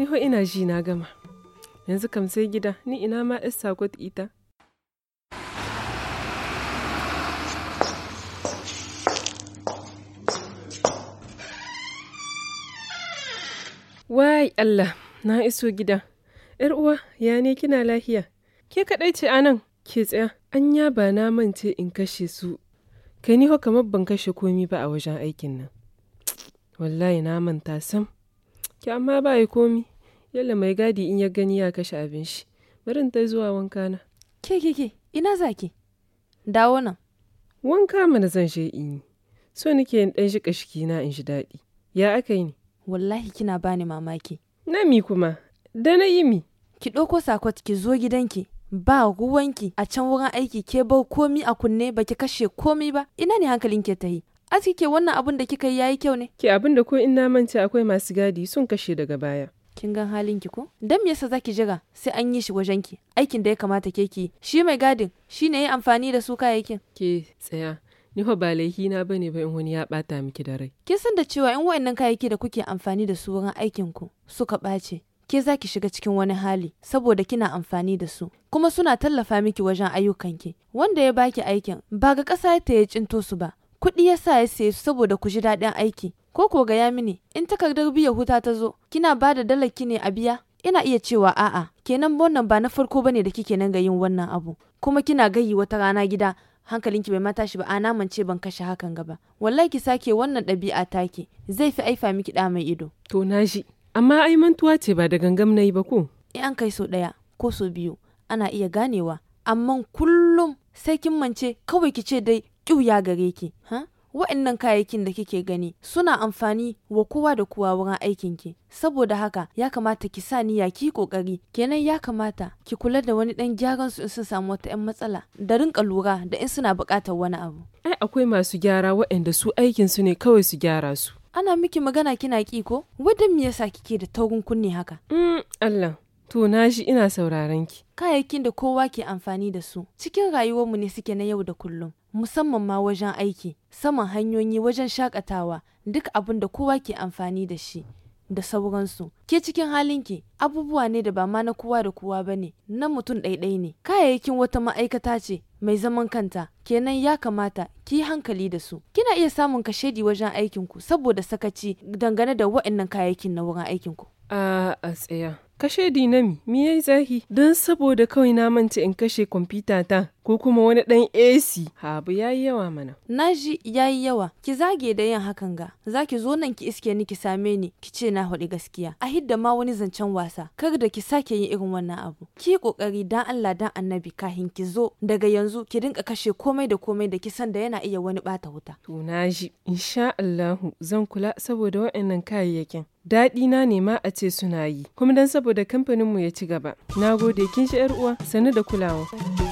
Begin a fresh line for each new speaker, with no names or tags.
Ni ho ina ji na gama. Yanzu kam sai gida, ni ina ma isa sako ita. Wai Allah, na iso gida. ‘Yar uwa, ya ne kina lahiya? Ke kaɗai ce anan, ke tsaya. an ya ba na mance in kashe su. Kai ni ho kamar ban kashe komi ba a wajen aikin nan. Wallahi na manta sam. Ki amma ba yi komi. Yalla mai gadi in ya gani ya kashe abin shi. barin ta zuwa wanka na. Ke ke ke, ina zaki? Dawo nan. Wanka mana zan je in yi. So nake in dan shika shiki na in ji
daɗi. Ya aka yi ne? Wallahi kina bani mamaki. Na mi kuma, da na yi mi. Ki ɗauko sakot ki zo gidanki. Ba ruwanki a can wurin aiki ke bau komi a kunne ba ki kashe komi ba. Ina ne hankalin ke ta yi? Aski ke wannan abun da kika yi yayi kyau ne? Ke abun da ko in na mance akwai masu gadi sun kashe daga baya. kin gan halin ki ko dan me yasa zaki jira sai an yi shi wajen ki aikin da ya kamata ke ki shi mai gadin shi ne ya amfani da su kayayyakin ke
tsaya ni fa ba laifi na bane ba in wani ya bata miki da rai
kin san da cewa in wayannan kayayyaki da kuke amfani da su wurin aikin ku suka bace ke za ki shiga cikin wani hali saboda kina amfani da su kuma suna tallafa miki wajen ayyukanki wanda ya baki aikin ba ga ƙasa ta ya cinto su ba kuɗi ya sa ya saye su saboda ku ji daɗin aiki Ko ko gaya mini, in takardar biya huta ta zo, kina ba da dalaki ne a biya? Ina iya cewa a'a, kenan wannan ba na farko bane da kike nan ga yin wannan abu. Kuma kina gayi wata rana gida, hankalinki bai ma tashi ba na mance ban kashe hakan gaba wallahi ki sake wannan ɗabi'a take zai fi aifa miki da mai ido to na shi amma ai mantuwa ce ba da gangam nayi ba ko in an kai so ɗaya ko so biyu ana iya ganewa amma kullum sai kin mance kawai ki ce dai ƙiu ya gare ki ha wa'annan kayayyakin da kike gani suna amfani wa kowa da kowa wurin aikin ki saboda haka ya kamata ki sa niyya ki kokari kenan ya kamata ki kula da wani dan gyaran su in sun samu wata yan matsala da rinka lura da in suna bukatar wani abu
ai akwai masu gyara waɗanda su aikin su ne kawai su gyara su
ana miki magana kina ki ko wadan me yasa kike da taurin kunne haka
mm, Allah To na shi ina sauraron ki.
Kayayyakin da kowa ke amfani da su cikin rayuwarmu ne suke na yau da kullum, musamman ma wajen aiki, saman hanyoyi wajen shakatawa, duk abin da kowa ke amfani da shi. Da sauransu, ke cikin halinki abubuwa ne da ba ma na kowa da kowa bane na mutum ɗaiɗai ne. Kayayyakin wata ma'aikata ce mai zaman kanta, kenan ya kamata ki hankali da su. Kina iya samun kashedi wajen aikinku saboda sakaci dangane da waɗannan kayayyakin na wurin aikinku. A a tsaya. Kashe Dinami,
miyai zahi? Don saboda kawai na manta in kashe kwamfuta ta. ko kuma wani ɗan AC. Habu ya yi yawa mana.
Na ji yawa. Ki zage da yin hakan ga. zaki zo nan ki iske ni ki same ni ki ce na faɗi gaskiya. A hidda ma wani zancen wasa. Kar da ki sake yin irin wannan abu. Ki kokari dan Allah dan Annabi kahin ki zo daga yanzu ki dinka kashe komai da komai da ki san da yana iya wani bata wuta.
To naji insha Allahu zan kula saboda waɗannan kayayyakin. daɗi na ne ma a ce suna yi kuma dan saboda kamfaninmu ya ci gaba na gode kin shi uwa sani da kulawa